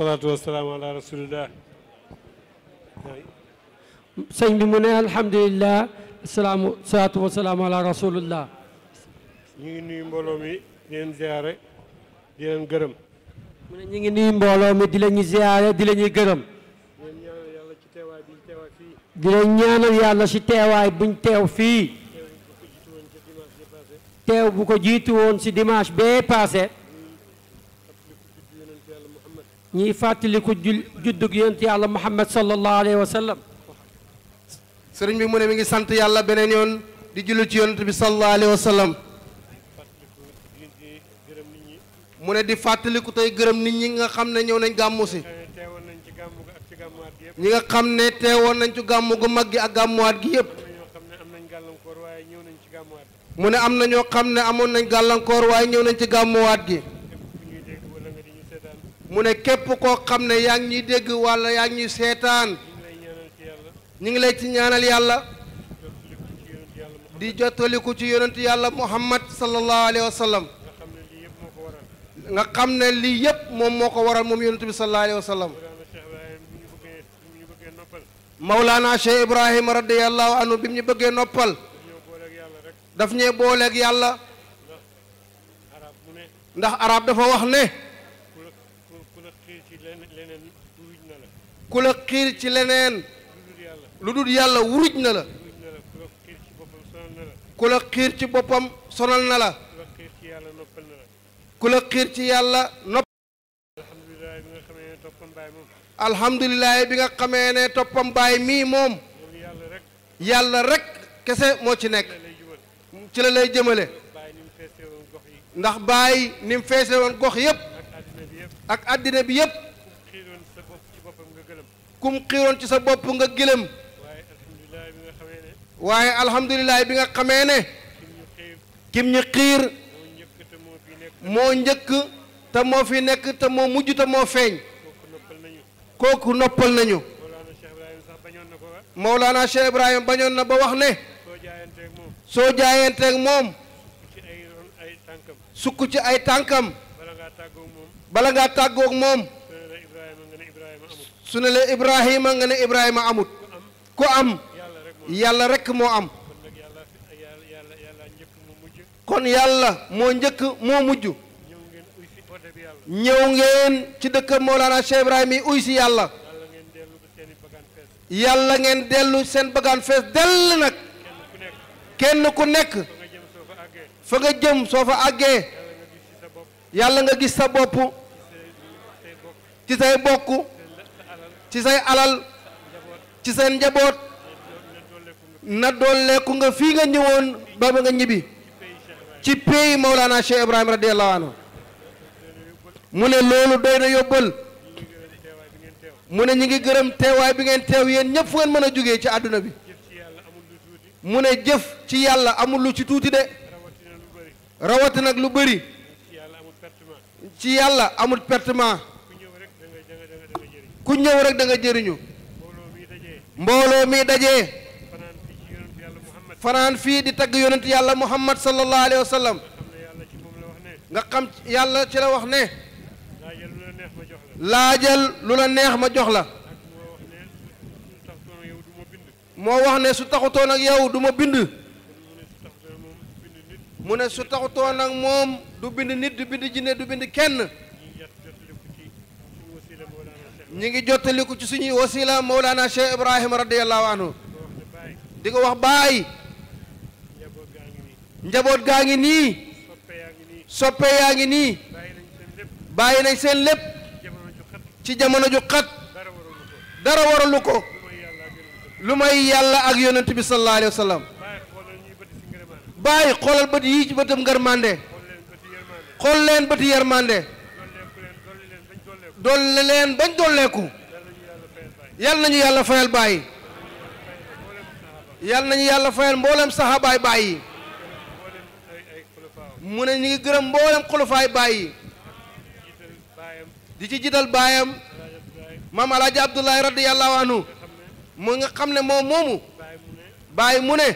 wasalaatu wasalaamu ala rasulillah sëñ bi mu ne alhamdulilah salaamu salaatu wasalaamu ala rasulillah ñu ngi nuyu mbooloo mi di leen ziare di leen gërëm mu ne ñu ngi nuyu mbooloo mi di lañuy ziare di lañuy gërëm di leen ñaanal yàlla ci teewaay buñ teew fii teew bu ko jiitu woon ci dimanche bee passé ñiy fàttaliku jul juddug yonent yàlla muhammad sallallahu alayhi wa sëriñ bi mu ne mi ngi sant yàlla beneen yoon di jullu ci yonent bi sallallahu alayhi wa mu ne di fàttaliku tey gërëm nit ñi nga xam ne ñëw nañ gàmmu si ñi nga xam ne teewoon nañ ci gàmmu gu mag gi ak gàmmuwaat gi yëpp mu ne am na ñoo xam ne amoon nañ gàllankoor waaye ñëw nañ ci gàmmuwaat gi mu ne képp koo xam ne yaa ngi ñuy dégg walla yaa ngi ñuy seetaan ñu ngi lay ci ñaanal yàlla di jottaliku ci yonentu yàlla muhammad sallallahu alayhi wa sallam nga xam ne lii yëpp moom moo ko waral moom yonentu bi sallallahu alayhi wa sallam mawlaana cheikh ibrahima radiallahu anhu bi mu ñu bëggee noppal daf ñee booleeg yàlla ndax arab dafa wax ne ku la xiir ci leneen lu dul yàlla wuruj na la ku la xiir ci boppam sonal na la ku la xiir ci yàlla nopp alhamdulilah bi nga xamee ne toppam baay mii moom yàlla rek kese moo ci nekk ci la lay jëmale ndax baay ni feese woon gox yépp ak àddina bi yépp kum xiiroon ci sa bopp nga gëlëm waaye alhamdulilah bi nga xamee ne kim ñu xiir moo njëkk te moo fi nekk te moo mujj te moo feeñ kooku noppal nañu Mawlana Cheikh Ibrahima bañoon na ba wax ne soo jaayanteeg moom sukk ci ay tànkam bala ngaa tàggoog moom su ne la Ibrahima nga ne Ibrahima amut ku am yàlla rekk moo am kon yàlla moo njëkk moo mujj ñëw ngeen ci dëkk Mawlana Cheikh Ibrahima yi uy si yàlla yàlla ngeen dellu seen bagaan fees dell nag kenn ku nekk fa nga jëm soo fa àggee yàlla nga gis sa bopp ci say bokk ci say alal ci seen njaboot na dooleeku nga fii nga ñëwoon ba nga ñibbi ci pays Mawlana Cheikh Ibrahima radiyallahu anhu mu ne loolu doy na yóbbal mu ne ñi ngi gërëm teewaay bi ngeen teew yéen ñëpp fu ngeen mën a jóge ci àdduna bi mu ne jëf ci yàlla amul lu ci tuuti de rawatina nag lu bëri ci yàlla amul pertement ku ñëw rek da nga jëriñu mbooloo mi dajee fanaan fii di tagg yonent yàlla muhammad sallallahu alayhi wa sallam nga xam yàlla ci la wax ne laajal lu la neex ma jox la moo wax ne su taxutoon ak yaw duma ma bind mu ne su taxutoon ak moom du bind nit du bind jinne du bind kenn ñu ngi jottaliku ci suñuy wasila Mawlana Cheikh Ibrahima radiyallahu anhu di ko wax baay njaboot gaa ngi nii soppe yaa ngi nii bàyyi nañ seen lépp ci jamono ju xat dara waralu ko lu may yàlla ak yonent bi sallallahu alayhi wa sallam bàyyi xoolal bët yii ci bëtam ngërmande xool leen bëti yermande dolle leen bañ dolleeku yal nañu yàlla fayal bàyyi yal nañu yàlla fayal mboolem saxaabaay bàyyi mu ne ñu ngi gërëm mboolem xulufaay bàyyi di ci jiital baayam maam alaaji abdullahi radiyallahu anhu mu nga xam ne moom moomu bàyyi mu ne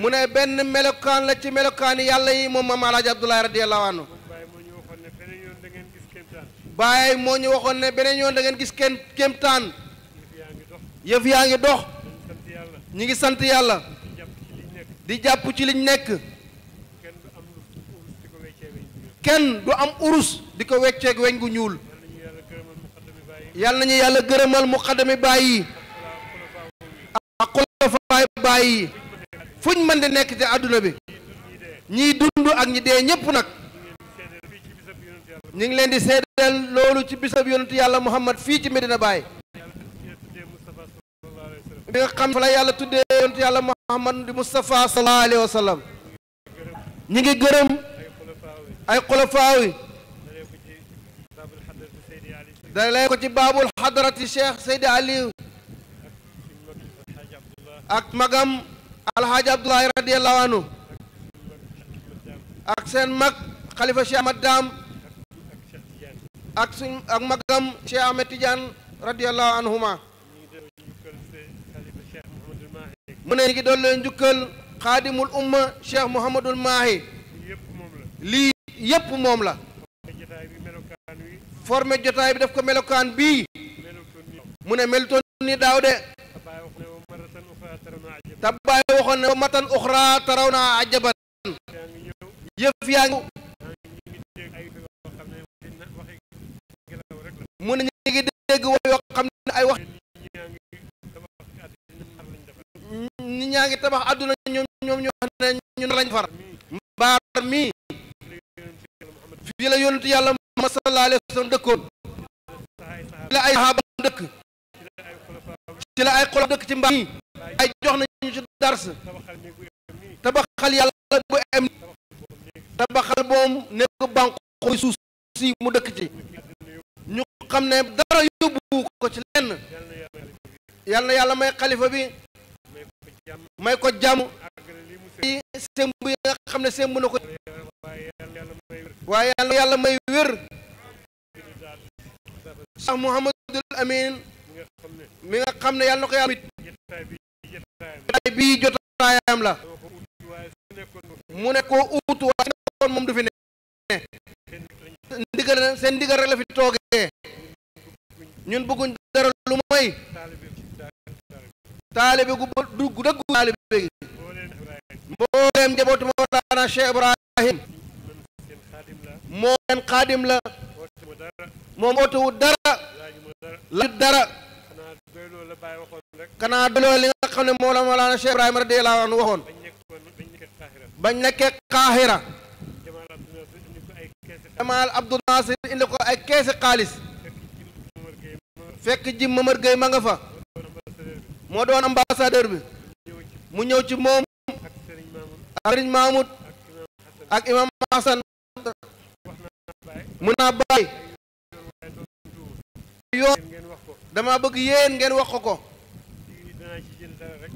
mu ne benn melokaan la ci melokaani yàlla yi moom maam alaaji abdullahi radiyallahu anhu baay moo ñu waxoon ne beneen yoon da ngeen gis kenn kéemtaan yëf yaa ngi dox ñi ngi sant yàlla di jàpp ci liñ nekk kenn du am urus di ko wecceek weñ gu ñuul yàlla nañu yàlla gërëmal muqaddami baay yi ak xulafaay baay yi fuñ mën di nekk ci àdduna bi ñiy dund ak ñi dee ñépp nag ñu ngi leen di seedeel loolu ci bisab yonentu yàlla Muhammad fii ci Medina Baye bi nga xam fa la yàlla tuddee yonentu yàlla Muhammad di Moustapha sallallahu alayhi wa ñu ngi gërëm ay xulafaa yi dalay ko ci baabul xadarati cheikh Seydi Aliou ak magam alxaaji Abdoulaye radiallahu anhu ak seen mag xalifa Cheikh Ahmad ak suñ ak magam Cheikh Ahmed Tidiane radiallahu anhuma mu ne ñu ngi doon leen njukkal xaadimul umma Cheikh Mouhamadul Mahi lii yépp moom la formé jotaay bi daf ko melokaan bii mu ne melutoon ni daaw de tabbaay waxoon ne wa matan uxra taraw naa ajaban yëf yaa ngi mu ne ñu ngi dégg way yoo xam ne ay wax ñi ñaa ngi tabax àdduna ñoom ñoom ñu wax ne ñu lañ far mbaar mii fii la yónent yàlla ma sallallahu dëkkoon ci la ay saxaabaam dëkk ci la ay xolof dëkk ci mbaar mii ay jox nañu ci dars tabaxal yàlla bu em tabaxal boom nekk bànqu suuf si mu dëkk ci xam ne dara yóbbu ko ci lenn yal na yàlla may xalifa bi may ko jàmm yi semb yi xam ne semb ko waaye yal yàlla may wér Cheikh Mouhamadul Amin mi seen ndigal rek fi toogee ñun bëgguñ dara lu mooy taalibe gu dëggu taalibe gi mbooleem njabootu Mawlana Cheikh Ibrahim moo leen xaadim la moom ootewul dara laajut dara kanaa doyloo li nga xam ne moo la Mawlana Cheikh Ibrahim radiyallahu anhu waxoon bañ nekkee Qahira Jamal Abdou Nasir indi ko ay keesi xaalis fekk ji Mamar Gueye ma nga fa moo doon ambassadeur bi mu ñëw ci moom ak Sëriñ Mahmoud ak Imam Hassan mun naa bàyyi yoon dama bëgg yéen ngeen wax ko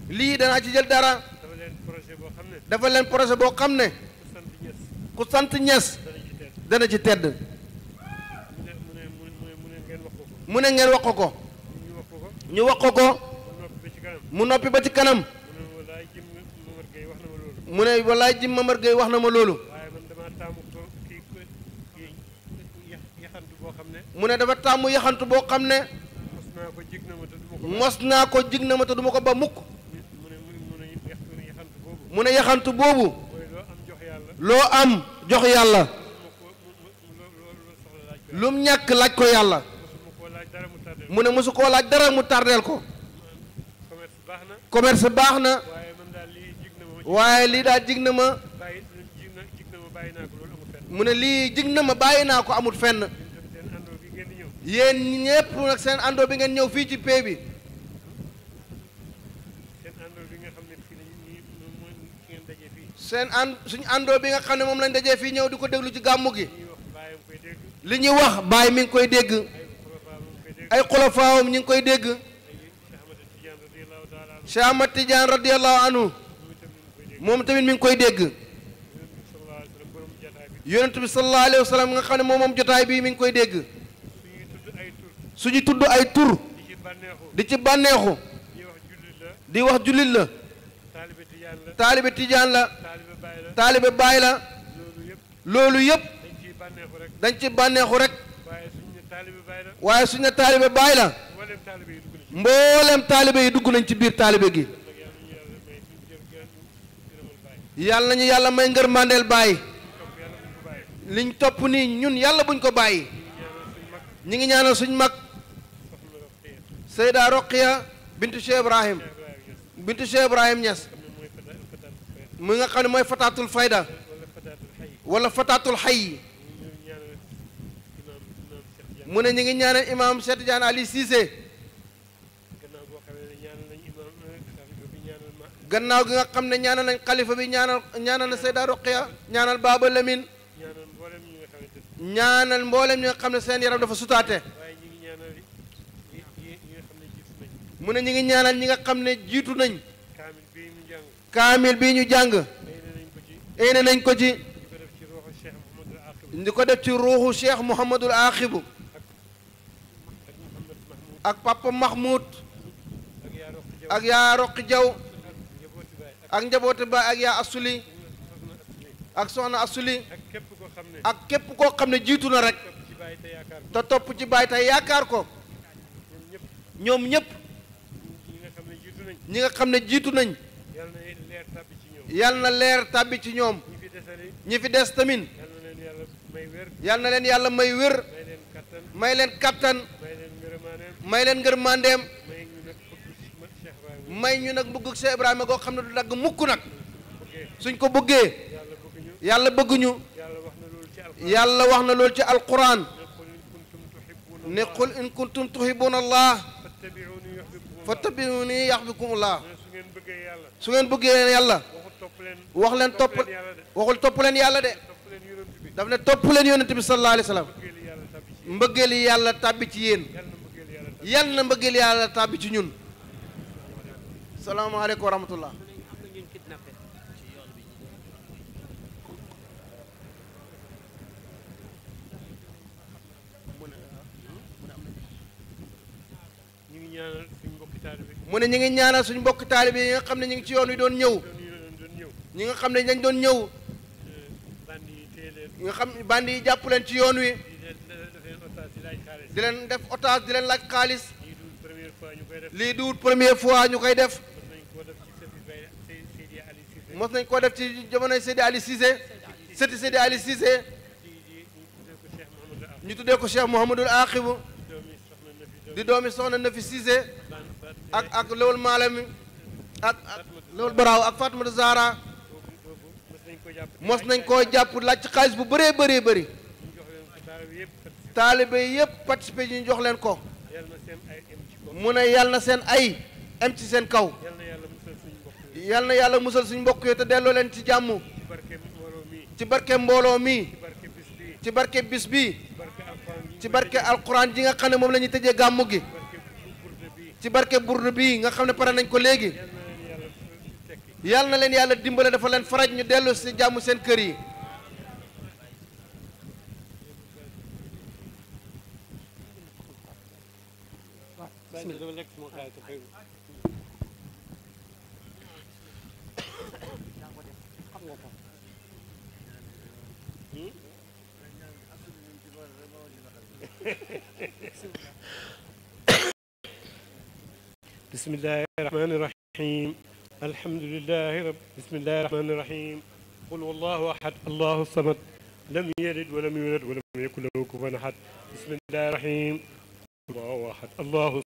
lii danaa ci jël dara dafa leen projet boo xam ne ku sant ñes dana ci tedd mu ne ngeen wax ko ñu wax ko ko mu noppi ba ci kanam mu ne walaay jim Mamar Gueye wax na ma loolu mu ne dafa taamu yaxantu boo xam ne mos naa ko jig na ma te duma ko ba mukk mu ne yaxantu boobu loo am jox yàlla lum ñàkk laaj ko yàlla mu ne mosu koo laaj dara mu tardeel ko commerce baax na waaye lii daal jig na ma mu ne lii jig na ma bàyyi naa ko amul fenn yéen ñépp nag seen àndoo bi ngeen ñëw fii ci pay bi seen ànd suñu àndoo bi nga xam ne moom lañ dajee fii ñëw di ko déglu ci gàmmu gi li ñuy wax baay mi ngi koy dégg ay xulafaawam ñu ngi koy dégg Cheikh Ahmad mi ngi koy dégg yonent bi sallallahu alayhi wa xam ne moom moom jotaay bii mi ngi koy dégg suñu tudd ay tur di ci bànneexu di wax jullit la taalibe tijaan la taalibe baay la loolu yëpp dañ ci bànneexu rek waaye suñ ne taalibe baay la mboolem taalibe yi dugg nañ ci biir taalibe gi yàlla nañu yàlla may ngër màndeel bàyyi liñ topp nii ñun yàlla buñ ko bàyyi ñu ngi ñaanal suñ mag Seyda Roqiya bint Cheikh Ibrahim bintu Cheikh Ibrahim Niass mu nga xam ne mooy fataatul fayda wala fataatul xay mu ne ñu ngi ñaanal imaam Cheikh Tidiane Ali Cissé gannaaw gi nga xam ne ñaanal nañ xalifa bi ñaanal ñaanal Seyda Roqiya ñaanal Baba Lamine ñaanal mboolem ñi nga xam ne seen yaram dafa sutaate mu ne ñu ngi ñaanal ñi nga xam ne jiitu nañ kaamil bi ñu jàng éene nañ ko ci di ko def ci ruuxu Cheikh Mouhamadul Axibu ak papa Mahmoud ak yaa roqi jaw ak njabooti baay ak yaa asuli ak soxna asuli ak képp koo xam ne jiitu na rek te topp ci baay tey yaakaar ko ñoom ñépp ñi nga xam ne jiitu nañ yal na leer tàbbi ci ñoom ñi fi des tamit yal na leen yàlla may wér may leen kàttan may leen ngër mandeem may ñu nag bëgg Cheikh Ibrahima goo xam ne du dagg mukk nag suñ ko bëggee yàlla bëgguñu yàlla wax na loolu ci alquran ne qul in kuntum tuhibbuna allah fattabiuni yaxbikumullah su ngeen bëggee yàlla wax leen topp waxul topp leen yàlla de daf ne topp leen yonent bi sallallahu alayhi wa mbëggee li yàlla tàbbi ci yéen yal na mbëggeel yàlla tàbbi ci ñun salaamaaleykum wa rahmatullah mu ne ñu ngi ñaanal suñu mbokk taalibe yi nga xam ne ñu ngi ci yoon wi doon ñëw ñi nga xam ne dañ doon ñëw ñi eh, nga xam bandi yi jàpp ci yoon wi di leen def otage di leen laaj xaalis lii duwut première fois ñu koy def mos nañ koo def ci jamonoy Seydi Ali Cissé sëti Seydi Ali Cissé ñu tuddee ko Cheikh Mouhamadul Aqibu di doomi soxna Nafi Cissé ak ak Lawal Malami ak ak Lawal Baraaw ak Fatimata Zahra mos nañ koo jàpp laaj ci xaalis bu bëree bëree bëri taalibe yëpp participé ñu jox leen ko mu ne yàlla na seen ay am ci seen kaw yàlla na yàlla musal suñ mbokk yi te delloo leen ci jàmm ci barke mbooloo mi ci barke bis bi ci barke alquran ji nga xam ne moom la ñuy tëjee gàmmu gi ci barke burdu bi nga xam ne pare nañ ko léegi yàlla na leen yàlla dimbale dafa leen faraj ñu dellu si jàmm seen kër yi Bismillah. بسم الله الرحمن الرحيم الحمد لله رب بسم الله الرحمن الرحيم قل والله احد الله الصمد لم يلد ولم يولد ولم يكن له كفوا احد بسم الله الرحيم الله احد الله